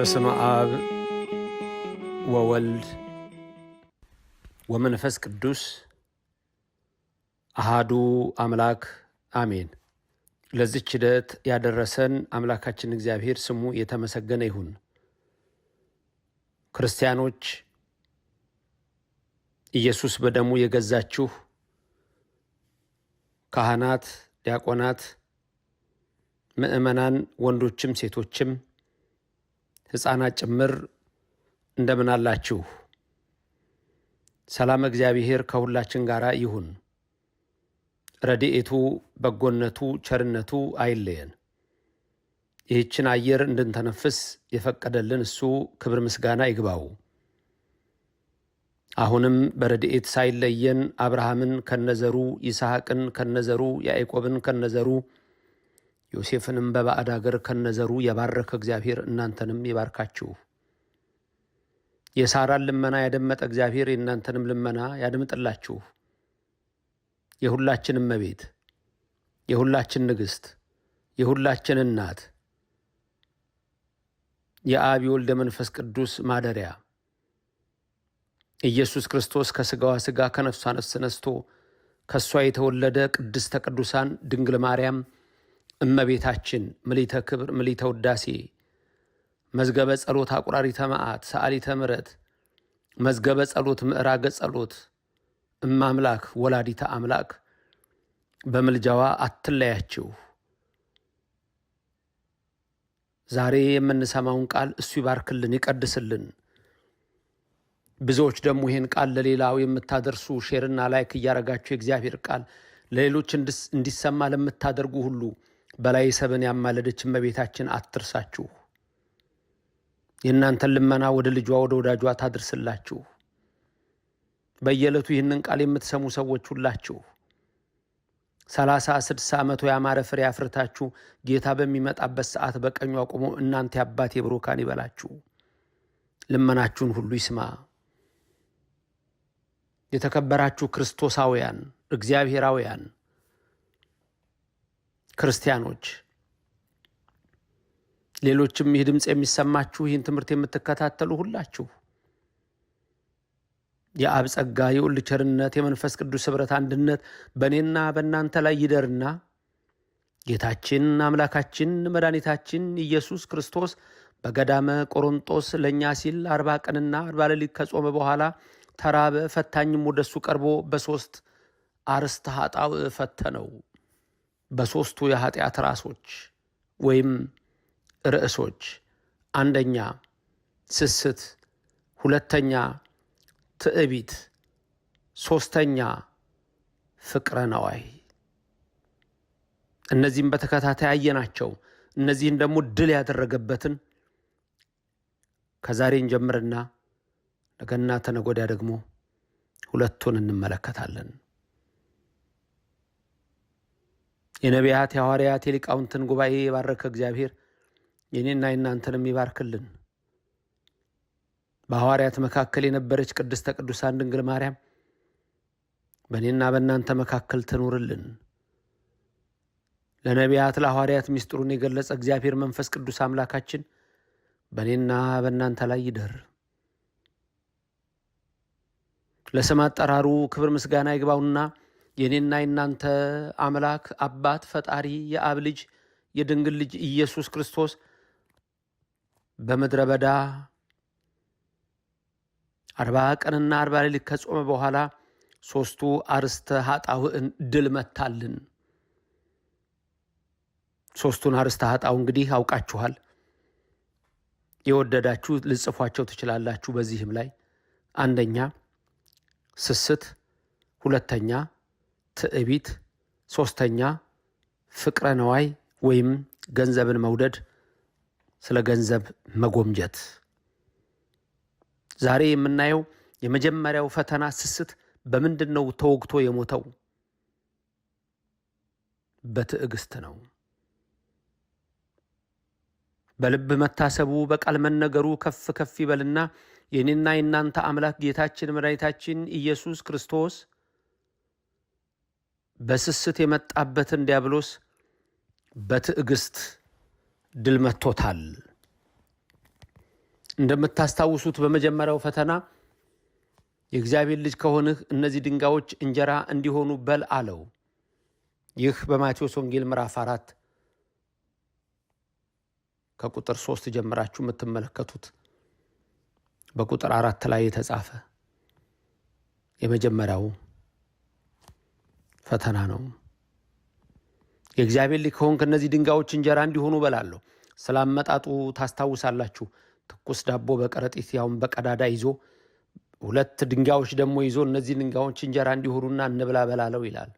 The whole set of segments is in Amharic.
በስመ አብ ወወልድ ወመንፈስ ቅዱስ አሃዱ አምላክ አሜን። ለዚች ሂደት ያደረሰን አምላካችን እግዚአብሔር ስሙ የተመሰገነ ይሁን። ክርስቲያኖች ኢየሱስ በደሙ የገዛችሁ ካህናት፣ ዲያቆናት፣ ምዕመናን ወንዶችም ሴቶችም ሕፃናት ጭምር እንደምን አላችሁ? ሰላም እግዚአብሔር ከሁላችን ጋር ይሁን። ረድኤቱ፣ በጎነቱ፣ ቸርነቱ አይለየን። ይህችን አየር እንድንተነፍስ የፈቀደልን እሱ ክብር ምስጋና ይግባው። አሁንም በረድኤት ሳይለየን አብርሃምን ከነዘሩ፣ ይስሐቅን ከነዘሩ፣ ያዕቆብን ከነዘሩ ዮሴፍንም በባዕድ አገር ከነዘሩ የባረከ እግዚአብሔር እናንተንም ይባርካችሁ። የሳራን ልመና ያደመጠ እግዚአብሔር የእናንተንም ልመና ያድምጥላችሁ። የሁላችንም እመቤት፣ የሁላችን ንግሥት፣ የሁላችን እናት፣ የአብ ወልደ መንፈስ ቅዱስ ማደሪያ ኢየሱስ ክርስቶስ ከሥጋዋ ሥጋ ከነፍሷ ነፍስ ነስቶ ከእሷ የተወለደ ቅድስተ ቅዱሳን ድንግል ማርያም እመቤታችን ምሊተ ክብር ምሊተ ውዳሴ መዝገበ ጸሎት አቁራሪተ መዓት ሰዓሊተ ምሕረት መዝገበ ጸሎት ምዕራገ ጸሎት እማምላክ ወላዲተ አምላክ በምልጃዋ አትለያችሁ። ዛሬ የምንሰማውን ቃል እሱ ይባርክልን፣ ይቀድስልን። ብዙዎች ደግሞ ይህን ቃል ለሌላው የምታደርሱ ሼርና ላይክ እያረጋችሁ የእግዚአብሔር ቃል ለሌሎች እንዲሰማ ለምታደርጉ ሁሉ በላይ ሰብን ያማለደች እመቤታችን አትርሳችሁ። የእናንተን ልመና ወደ ልጇ ወደ ወዳጇ ታድርስላችሁ። በየዕለቱ ይህንን ቃል የምትሰሙ ሰዎች ሁላችሁ ሰላሳ ስድሳ መቶ ያማረ ፍሬ አፍርታችሁ ጌታ በሚመጣበት ሰዓት በቀኙ አቁሞ እናንተ አባቴ ብሩካን ይበላችሁ። ልመናችሁን ሁሉ ይስማ። የተከበራችሁ ክርስቶሳውያን እግዚአብሔራውያን ክርስቲያኖች ሌሎችም ይህ ድምፅ የሚሰማችሁ ይህን ትምህርት የምትከታተሉ ሁላችሁ የአብ ጸጋ የወልድ ቸርነት የመንፈስ ቅዱስ ኅብረት አንድነት በእኔና በእናንተ ላይ ይደርና ጌታችን አምላካችን መድኃኒታችን ኢየሱስ ክርስቶስ በገዳመ ቆሮንጦስ ለእኛ ሲል አርባ ቀንና አርባ ሌሊት ከጾመ በኋላ ተራበ። ፈታኝም ወደሱ ቀርቦ በሦስት አርዕስተ ኃጣውእ ፈተነው። በሦስቱ የኃጢአት ራሶች ወይም ርዕሶች አንደኛ ስስት፣ ሁለተኛ ትዕቢት፣ ሦስተኛ ፍቅረ ነዋይ። እነዚህም በተከታታይ አየናቸው። እነዚህን ደግሞ ድል ያደረገበትን ከዛሬን ጀምርና ነገና ተነጎዳ ደግሞ ሁለቱን እንመለከታለን። የነቢያት የሐዋርያት የሊቃውንትን ጉባኤ የባረከ እግዚአብሔር የኔና የናንተንም ይባርክልን። በሐዋርያት መካከል የነበረች ቅድስተ ቅዱሳን ድንግል ማርያም በእኔና በእናንተ መካከል ትኑርልን። ለነቢያት ለሐዋርያት ምስጢሩን የገለጸ እግዚአብሔር መንፈስ ቅዱስ አምላካችን በእኔና በእናንተ ላይ ይደር። ለስም አጠራሩ ክብር ምስጋና ይግባውና የእኔና የእናንተ አምላክ አባት ፈጣሪ የአብ ልጅ የድንግል ልጅ ኢየሱስ ክርስቶስ በምድረ በዳ አርባ ቀንና አርባ ሌሊት ከጾመ በኋላ ሶስቱ አርስተ ኃጣውዕን ድል መታልን። ሶስቱን አርስተ ሀጣው እንግዲህ አውቃችኋል። የወደዳችሁ ልጽፏቸው ትችላላችሁ። በዚህም ላይ አንደኛ ስስት፣ ሁለተኛ ትዕቢት፣ ሶስተኛ ፍቅረ ነዋይ ወይም ገንዘብን መውደድ፣ ስለ ገንዘብ መጎምጀት። ዛሬ የምናየው የመጀመሪያው ፈተና ስስት በምንድን ነው ተወግቶ የሞተው? በትዕግስት ነው። በልብ መታሰቡ በቃል መነገሩ ከፍ ከፍ ይበልና የኔና የናንተ አምላክ ጌታችን መድኃኒታችን ኢየሱስ ክርስቶስ በስስት የመጣበትን ዲያብሎስ በትዕግስት ድል መጥቶታል። እንደምታስታውሱት በመጀመሪያው ፈተና የእግዚአብሔር ልጅ ከሆንህ እነዚህ ድንጋዮች እንጀራ እንዲሆኑ በል አለው። ይህ በማቴዎስ ወንጌል ምዕራፍ አራት ከቁጥር ሶስት ጀምራችሁ የምትመለከቱት በቁጥር አራት ላይ የተጻፈ የመጀመሪያው ፈተና ነው። የእግዚአብሔር ልጅ ከሆንክ እነዚህ ድንጋዮች እንጀራ እንዲሆኑ እበላለሁ። ስለ አመጣጡ ታስታውሳላችሁ። ትኩስ ዳቦ በከረጢት ያውም በቀዳዳ ይዞ ሁለት ድንጋዮች ደግሞ ይዞ እነዚህ ድንጋዮች እንጀራ እንዲሆኑና እንብላ በላለው ይላል።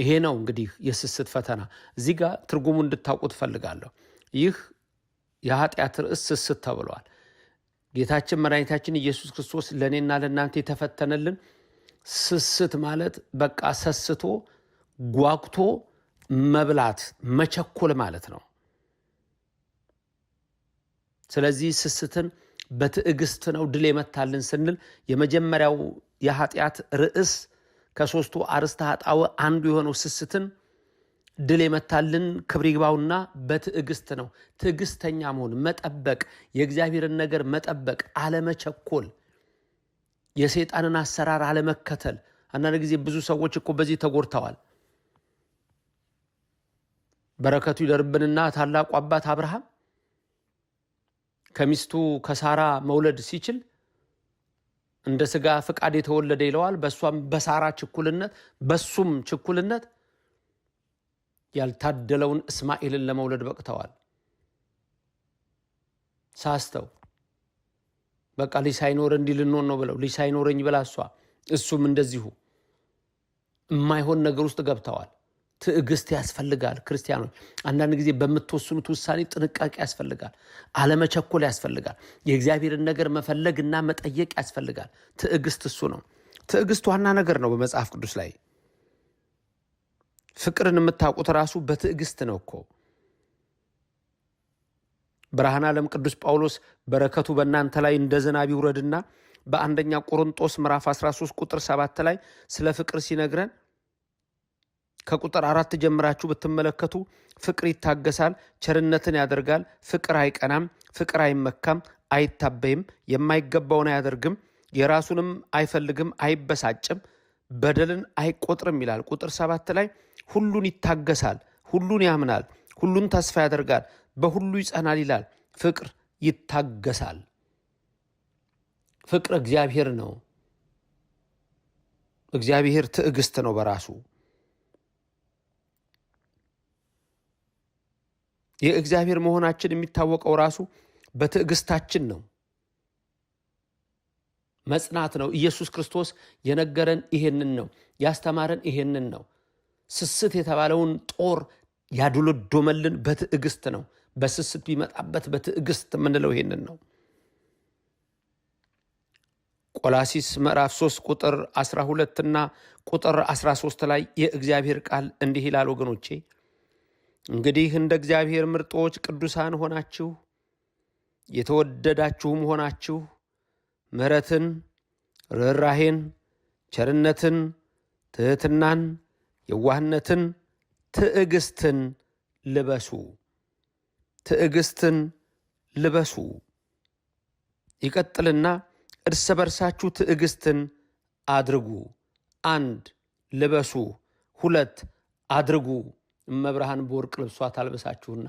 ይሄ ነው እንግዲህ የስስት ፈተና። እዚህ ጋር ትርጉሙ እንድታውቁ ትፈልጋለሁ። ይህ የኃጢአት ርዕስ ስስት ተብሏል። ጌታችን መድኃኒታችን ኢየሱስ ክርስቶስ ለእኔና ለእናንተ የተፈተነልን ስስት ማለት በቃ ሰስቶ ጓጉቶ መብላት መቸኮል ማለት ነው። ስለዚህ ስስትን በትዕግስት ነው ድል የመታልን ስንል የመጀመሪያው የኃጢአት ርዕስ ከሦስቱ አርዕስተ ኃጣውእ አንዱ የሆነው ስስትን ድል የመታልን ክብር ይግባውና በትዕግስት ነው። ትዕግስተኛ መሆን መጠበቅ፣ የእግዚአብሔርን ነገር መጠበቅ፣ አለመቸኮል የሰይጣንን አሰራር አለመከተል። አንዳንድ ጊዜ ብዙ ሰዎች እኮ በዚህ ተጎድተዋል። በረከቱ ይደርብንና ታላቁ አባት አብርሃም ከሚስቱ ከሳራ መውለድ ሲችል እንደ ስጋ ፍቃድ የተወለደ ይለዋል። በእሷም በሳራ ችኩልነት በሱም ችኩልነት ያልታደለውን እስማኤልን ለመውለድ በቅተዋል ሳስተው በቃ ልጅ ሳይኖር እንዲህ ልንሆን ነው ብለው ልጅ ሳይኖረኝ ብላ እሷ እሱም እንደዚሁ የማይሆን ነገር ውስጥ ገብተዋል። ትዕግስት ያስፈልጋል። ክርስቲያኖች አንዳንድ ጊዜ በምትወስኑት ውሳኔ ጥንቃቄ ያስፈልጋል። አለመቸኮል ያስፈልጋል። የእግዚአብሔርን ነገር መፈለግና መጠየቅ ያስፈልጋል። ትዕግስት እሱ ነው። ትዕግስት ዋና ነገር ነው። በመጽሐፍ ቅዱስ ላይ ፍቅርን የምታውቁት ራሱ በትዕግስት ነው እኮ ብርሃን ዓለም ቅዱስ ጳውሎስ በረከቱ በእናንተ ላይ እንደ ዝናብ ይውረድና በአንደኛ ቆሮንጦስ ምዕራፍ 13 ቁጥር 7 ላይ ስለ ፍቅር ሲነግረን ከቁጥር አራት ጀምራችሁ ብትመለከቱ ፍቅር ይታገሳል፣ ቸርነትን ያደርጋል፣ ፍቅር አይቀናም፣ ፍቅር አይመካም፣ አይታበይም፣ የማይገባውን አያደርግም፣ የራሱንም አይፈልግም፣ አይበሳጭም፣ በደልን አይቆጥርም ይላል። ቁጥር ሰባት ላይ ሁሉን ይታገሳል፣ ሁሉን ያምናል ሁሉን ተስፋ ያደርጋል፣ በሁሉ ይጸናል ይላል። ፍቅር ይታገሳል። ፍቅር እግዚአብሔር ነው። እግዚአብሔር ትዕግስት ነው በራሱ የእግዚአብሔር መሆናችን የሚታወቀው ራሱ በትዕግስታችን ነው። መጽናት ነው። ኢየሱስ ክርስቶስ የነገረን ይሄንን ነው፣ ያስተማረን ይሄንን ነው። ስስት የተባለውን ጦር ያዶለዶመልን በትዕግስት ነው። በስስት ቢመጣበት በትዕግስት የምንለው ይሄንን ነው። ቆላሲስ ምዕራፍ 3 ቁጥር 12 እና ቁጥር 13 ላይ የእግዚአብሔር ቃል እንዲህ ይላል፣ ወገኖቼ እንግዲህ እንደ እግዚአብሔር ምርጦች ቅዱሳን ሆናችሁ የተወደዳችሁም ሆናችሁ ምሕረትን፣ ርኅራሄን፣ ቸርነትን፣ ትሕትናን፣ የዋህነትን ትዕግስትን ልበሱ፣ ትዕግስትን ልበሱ። ይቀጥልና እርስ በርሳችሁ ትዕግስትን አድርጉ። አንድ ልበሱ፣ ሁለት አድርጉ። እመብርሃን በወርቅ ልብሷ ታልበሳችሁና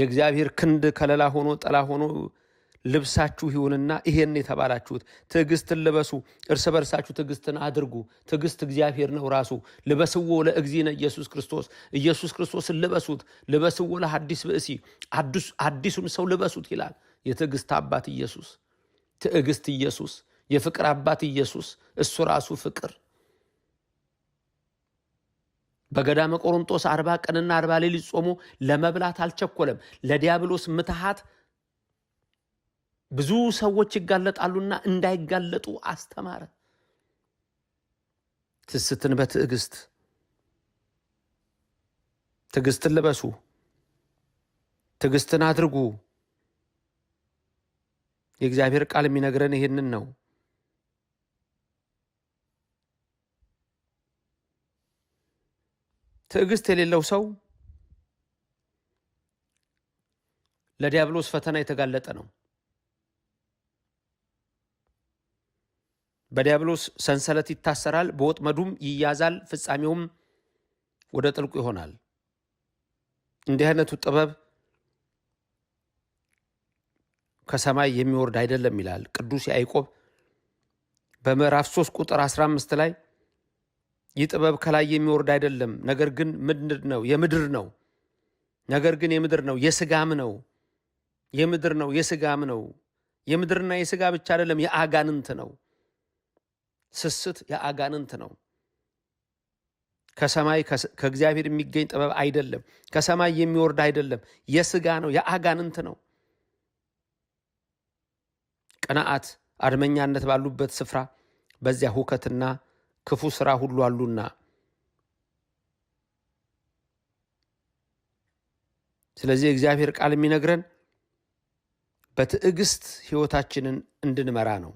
የእግዚአብሔር ክንድ ከለላ ሆኖ ጥላ ሆኖ ልብሳችሁ ይሁንና ይሄን የተባላችሁት ትዕግስትን ልበሱ፣ እርስ በርሳችሁ ትዕግስትን አድርጉ። ትዕግስት እግዚአብሔር ነው ራሱ። ልበስዎ ለእግዚእነ ኢየሱስ ክርስቶስ፣ ኢየሱስ ክርስቶስን ልበሱት። ልበስዎ ለሐዲስ ብእሲ፣ አዲሱን ሰው ልበሱት ይላል የትዕግስት አባት ኢየሱስ። ትዕግስት ኢየሱስ፣ የፍቅር አባት ኢየሱስ፣ እሱ ራሱ ፍቅር። በገዳመ ቆሮንጦስ አርባ ቀንና አርባ ሌሊት ጾሞ ለመብላት አልቸኮለም። ለዲያብሎስ ምትሃት ብዙ ሰዎች ይጋለጣሉና እንዳይጋለጡ አስተማረ። ትስትን በትዕግስት ትዕግስትን ልበሱ፣ ትዕግስትን አድርጉ። የእግዚአብሔር ቃል የሚነግረን ይህንን ነው። ትዕግስት የሌለው ሰው ለዲያብሎስ ፈተና የተጋለጠ ነው። በዲያብሎስ ሰንሰለት ይታሰራል፣ በወጥመዱም ይያዛል፣ ፍጻሜውም ወደ ጥልቁ ይሆናል። እንዲህ አይነቱ ጥበብ ከሰማይ የሚወርድ አይደለም ይላል ቅዱስ ያዕቆብ በምዕራፍ 3 ቁጥር 15 ላይ ይህ ጥበብ ከላይ የሚወርድ አይደለም፣ ነገር ግን ምድር ነው የምድር ነው ነገር ግን የምድር ነው የስጋም ነው የምድር ነው የስጋም ነው። የምድርና የስጋ ብቻ አይደለም የአጋንንት ነው። ስስት የአጋንንት ነው። ከሰማይ ከእግዚአብሔር የሚገኝ ጥበብ አይደለም። ከሰማይ የሚወርድ አይደለም። የስጋ ነው፣ የአጋንንት ነው። ቅንዓት፣ አድመኛነት ባሉበት ስፍራ በዚያ ሁከትና ክፉ ስራ ሁሉ አሉና ስለዚህ የእግዚአብሔር ቃል የሚነግረን በትዕግስት ህይወታችንን እንድንመራ ነው።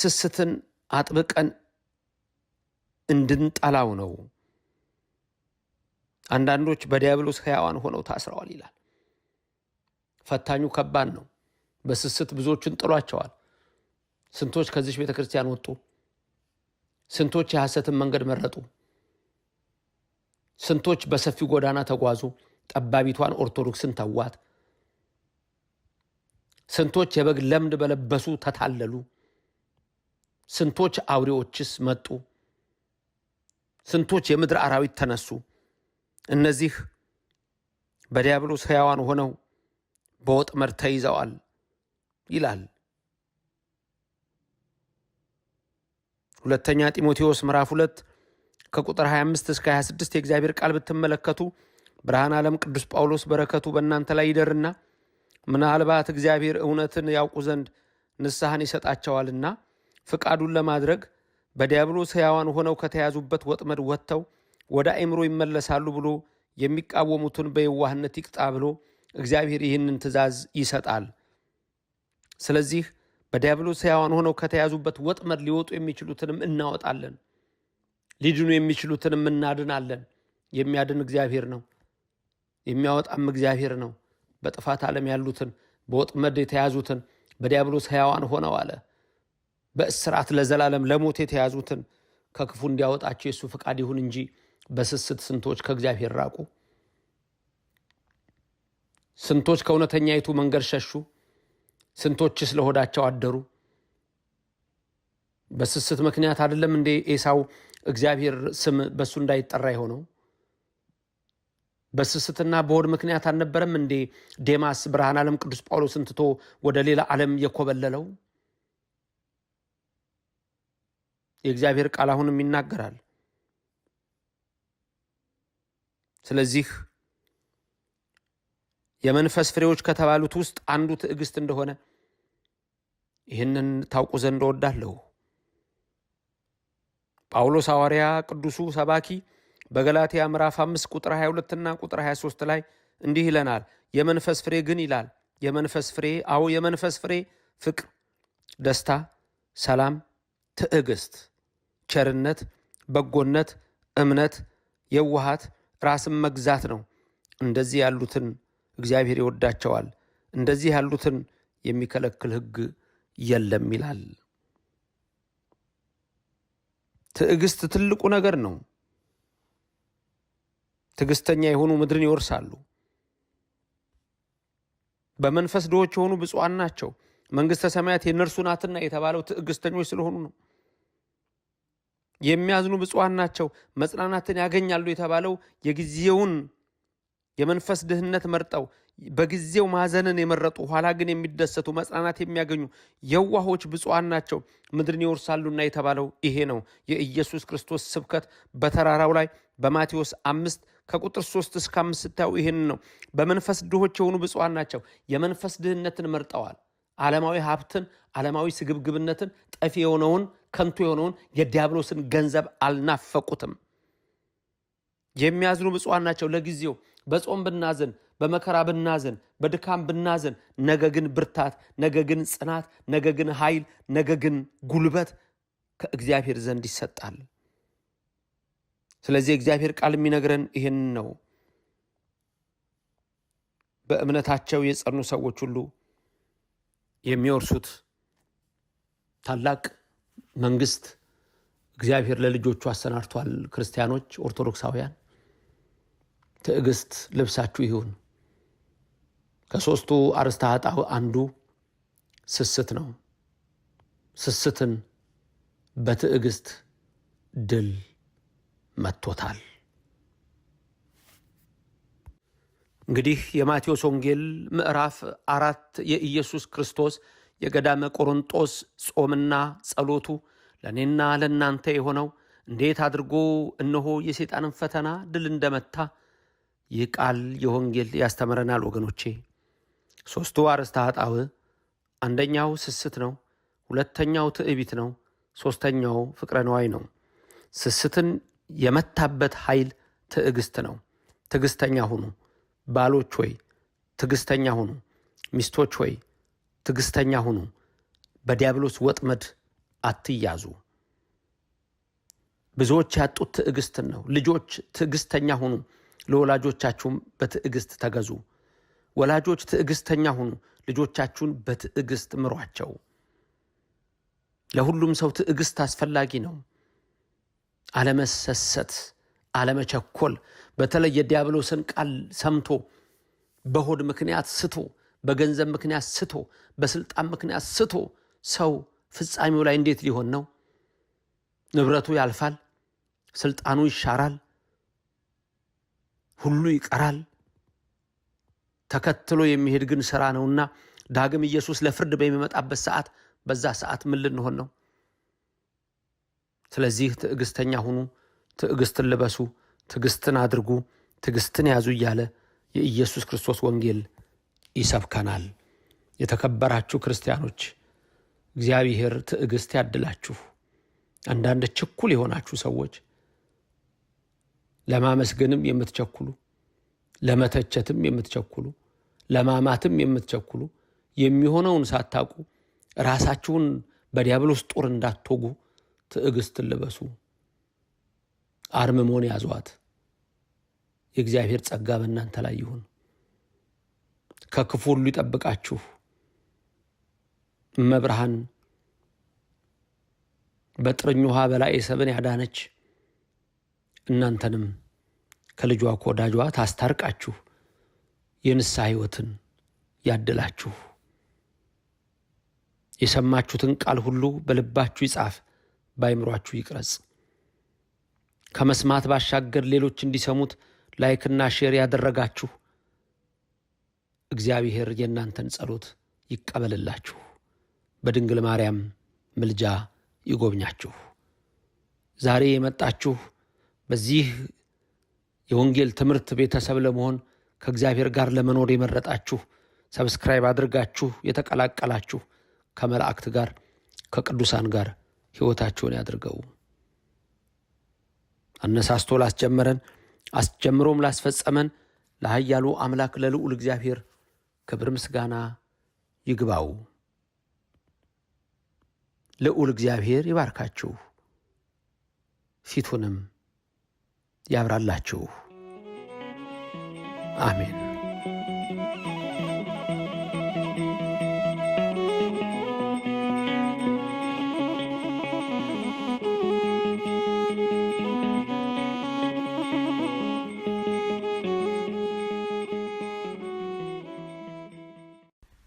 ስስትን አጥብቀን እንድንጠላው ነው። አንዳንዶች በዲያብሎስ ሕያዋን ሆነው ታስረዋል ይላል። ፈታኙ ከባድ ነው። በስስት ብዙዎችን ጥሏቸዋል። ስንቶች ከዚች ቤተ ክርስቲያን ወጡ? ስንቶች የሐሰትን መንገድ መረጡ? ስንቶች በሰፊ ጎዳና ተጓዙ? ጠባቢቷን ኦርቶዶክስን ተዋት። ስንቶች የበግ ለምድ በለበሱ ተታለሉ። ስንቶች አውሬዎችስ መጡ፣ ስንቶች የምድር አራዊት ተነሱ። እነዚህ በዲያብሎስ ሕያዋን ሆነው በወጥመድ ተይዘዋል ይላል። ሁለተኛ ጢሞቴዎስ ምዕራፍ 2 ከቁጥር 25 እስከ 26 የእግዚአብሔር ቃል ብትመለከቱ ብርሃን ዓለም ቅዱስ ጳውሎስ በረከቱ በእናንተ ላይ ይደርና ምናልባት እግዚአብሔር እውነትን ያውቁ ዘንድ ንስሐን ይሰጣቸዋልና ፍቃዱን ለማድረግ በዲያብሎስ ሕያዋን ሆነው ከተያዙበት ወጥመድ ወጥተው ወደ አእምሮ ይመለሳሉ ብሎ የሚቃወሙትን በየዋህነት ይቅጣ ብሎ እግዚአብሔር ይህንን ትእዛዝ ይሰጣል። ስለዚህ በዲያብሎስ ሕያዋን ሆነው ከተያዙበት ወጥመድ ሊወጡ የሚችሉትንም እናወጣለን፣ ሊድኑ የሚችሉትንም እናድናለን። የሚያድን እግዚአብሔር ነው፣ የሚያወጣም እግዚአብሔር ነው። በጥፋት ዓለም ያሉትን በወጥመድ የተያዙትን በዲያብሎስ ሕያዋን ሆነው አለ በእስራት ለዘላለም ለሞት የተያዙትን ከክፉ እንዲያወጣቸው የእሱ ፈቃድ ይሁን እንጂ በስስት ስንቶች ከእግዚአብሔር ራቁ። ስንቶች ከእውነተኛይቱ መንገድ ሸሹ። ስንቶች ስለሆዳቸው አደሩ። በስስት ምክንያት አይደለም እንዴ ኤሳው እግዚአብሔር ስም በእሱ እንዳይጠራ የሆነው? በስስትና በሆድ ምክንያት አልነበረም እንዴ ዴማስ ብርሃን ዓለም ቅዱስ ጳውሎስን ትቶ ወደ ሌላ ዓለም የኮበለለው? የእግዚአብሔር ቃል አሁንም ይናገራል። ስለዚህ የመንፈስ ፍሬዎች ከተባሉት ውስጥ አንዱ ትዕግስት እንደሆነ ይህንን ታውቁ ዘንድ እወዳለሁ። ጳውሎስ ሐዋርያ ቅዱሱ ሰባኪ በገላትያ ምዕራፍ 5 ቁጥር 22 እና ቁጥር 23 ላይ እንዲህ ይለናል። የመንፈስ ፍሬ ግን ይላል የመንፈስ ፍሬ አዎ የመንፈስ ፍሬ ፍቅር፣ ደስታ፣ ሰላም፣ ትዕግስት ቸርነት፣ በጎነት፣ እምነት፣ የዋሃት፣ ራስን መግዛት ነው። እንደዚህ ያሉትን እግዚአብሔር ይወዳቸዋል። እንደዚህ ያሉትን የሚከለክል ሕግ የለም ይላል። ትዕግስት ትልቁ ነገር ነው። ትዕግስተኛ የሆኑ ምድርን ይወርሳሉ። በመንፈስ ድሆች የሆኑ ብፁዓን ናቸው፣ መንግሥተ ሰማያት የእነርሱ ናትና የተባለው ትዕግስተኞች ስለሆኑ ነው። የሚያዝኑ ብፁዓን ናቸው መጽናናትን ያገኛሉ የተባለው የጊዜውን የመንፈስ ድህነት መርጠው በጊዜው ማዘንን የመረጡ ኋላ ግን የሚደሰቱ መጽናናት የሚያገኙ የዋሆች ብፁዓን ናቸው ምድርን ይወርሳሉና የተባለው ይሄ ነው። የኢየሱስ ክርስቶስ ስብከት በተራራው ላይ በማቴዎስ አምስት ከቁጥር ሶስት እስከ አምስት ስታዩ ይህን ነው። በመንፈስ ድሆች የሆኑ ብፁዓን ናቸው የመንፈስ ድህነትን መርጠዋል። ዓለማዊ ሀብትን፣ ዓለማዊ ስግብግብነትን፣ ጠፊ የሆነውን ከንቱ የሆነውን የዲያብሎስን ገንዘብ አልናፈቁትም። የሚያዝኑ ብፁዓን ናቸው። ለጊዜው በጾም ብናዝን፣ በመከራ ብናዝን፣ በድካም ብናዝን፣ ነገ ግን ብርታት፣ ነገ ግን ጽናት፣ ነገ ግን ኃይል፣ ነገ ግን ጉልበት ከእግዚአብሔር ዘንድ ይሰጣል። ስለዚህ እግዚአብሔር ቃል የሚነግረን ይህን ነው። በእምነታቸው የጸኑ ሰዎች ሁሉ የሚወርሱት ታላቅ መንግስት እግዚአብሔር ለልጆቹ አሰናድቷል። ክርስቲያኖች፣ ኦርቶዶክሳውያን ትዕግስት ልብሳችሁ ይሁን። ከሦስቱ አርእስተ ኃጣውእ አንዱ ስስት ነው። ስስትን በትዕግስት ድል መጥቶታል። እንግዲህ የማቴዎስ ወንጌል ምዕራፍ አራት የኢየሱስ ክርስቶስ የገዳመ ቆሮንጦስ ጾምና ጸሎቱ ለእኔና ለእናንተ የሆነው እንዴት አድርጎ እነሆ የሰይጣንን ፈተና ድል እንደመታ ይህ ቃል የወንጌል ያስተምረናል። ወገኖቼ ሦስቱ አርእስተ ኃጣውእ አንደኛው ስስት ነው፣ ሁለተኛው ትዕቢት ነው፣ ሦስተኛው ፍቅረ ነዋይ ነው። ስስትን የመታበት ኃይል ትዕግስት ነው። ትዕግስተኛ ሁኑ። ባሎች ሆይ ትግስተኛ ሁኑ፣ ሚስቶች ሆይ ትግስተኛ ሁኑ፣ በዲያብሎስ ወጥመድ አትያዙ። ብዙዎች ያጡት ትዕግስትን ነው። ልጆች ትዕግስተኛ ሁኑ፣ ለወላጆቻችሁም በትዕግስት ተገዙ። ወላጆች ትዕግስተኛ ሁኑ፣ ልጆቻችሁን በትዕግስት ምሯቸው። ለሁሉም ሰው ትዕግስት አስፈላጊ ነው። አለመሰሰት፣ አለመቸኮል በተለይ የዲያብሎስን ቃል ሰምቶ በሆድ ምክንያት ስቶ፣ በገንዘብ ምክንያት ስቶ፣ በስልጣን ምክንያት ስቶ ሰው ፍጻሜው ላይ እንዴት ሊሆን ነው? ንብረቱ ያልፋል፣ ስልጣኑ ይሻራል፣ ሁሉ ይቀራል። ተከትሎ የሚሄድ ግን ስራ ነውና ዳግም ኢየሱስ ለፍርድ በሚመጣበት ሰዓት በዛ ሰዓት ምን ልንሆን ነው? ስለዚህ ትዕግስተኛ ሁኑ፣ ትዕግስትን ልበሱ። ትዕግስትን አድርጉ፣ ትዕግስትን ያዙ እያለ የኢየሱስ ክርስቶስ ወንጌል ይሰብከናል። የተከበራችሁ ክርስቲያኖች እግዚአብሔር ትዕግስት ያድላችሁ። አንዳንድ ችኩል የሆናችሁ ሰዎች ለማመስገንም የምትቸኩሉ ለመተቸትም የምትቸኩሉ ለማማትም የምትቸኩሉ የሚሆነውን ሳታውቁ ራሳችሁን በዲያብሎስ ጦር እንዳትወጉ ትዕግስትን ልበሱ። አርምሞን ያዟት። የእግዚአብሔር ጸጋ በእናንተ ላይ ይሁን። ከክፉ ሁሉ ይጠብቃችሁ። መብርሃን በጥርኝ ውሃ በላይ ሰብን ያዳነች እናንተንም ከልጇ ከወዳጇ ታስታርቃችሁ የንስሐ ሕይወትን ያድላችሁ። የሰማችሁትን ቃል ሁሉ በልባችሁ ይጻፍ፣ በአይምሯችሁ ይቅረጽ። ከመስማት ባሻገር ሌሎች እንዲሰሙት ላይክና ሼር ያደረጋችሁ እግዚአብሔር የእናንተን ጸሎት ይቀበልላችሁ፣ በድንግል ማርያም ምልጃ ይጎብኛችሁ። ዛሬ የመጣችሁ በዚህ የወንጌል ትምህርት ቤተሰብ ለመሆን ከእግዚአብሔር ጋር ለመኖር የመረጣችሁ ሰብስክራይብ አድርጋችሁ የተቀላቀላችሁ ከመላእክት ጋር ከቅዱሳን ጋር ሕይወታችሁን ያድርገው። አነሳስቶ ላስጀመረን አስጀምሮም ላስፈጸመን ለኃያሉ አምላክ ለልዑል እግዚአብሔር ክብር ምስጋና ይግባው። ልዑል እግዚአብሔር ይባርካችሁ፣ ፊቱንም ያብራላችሁ። አሜን።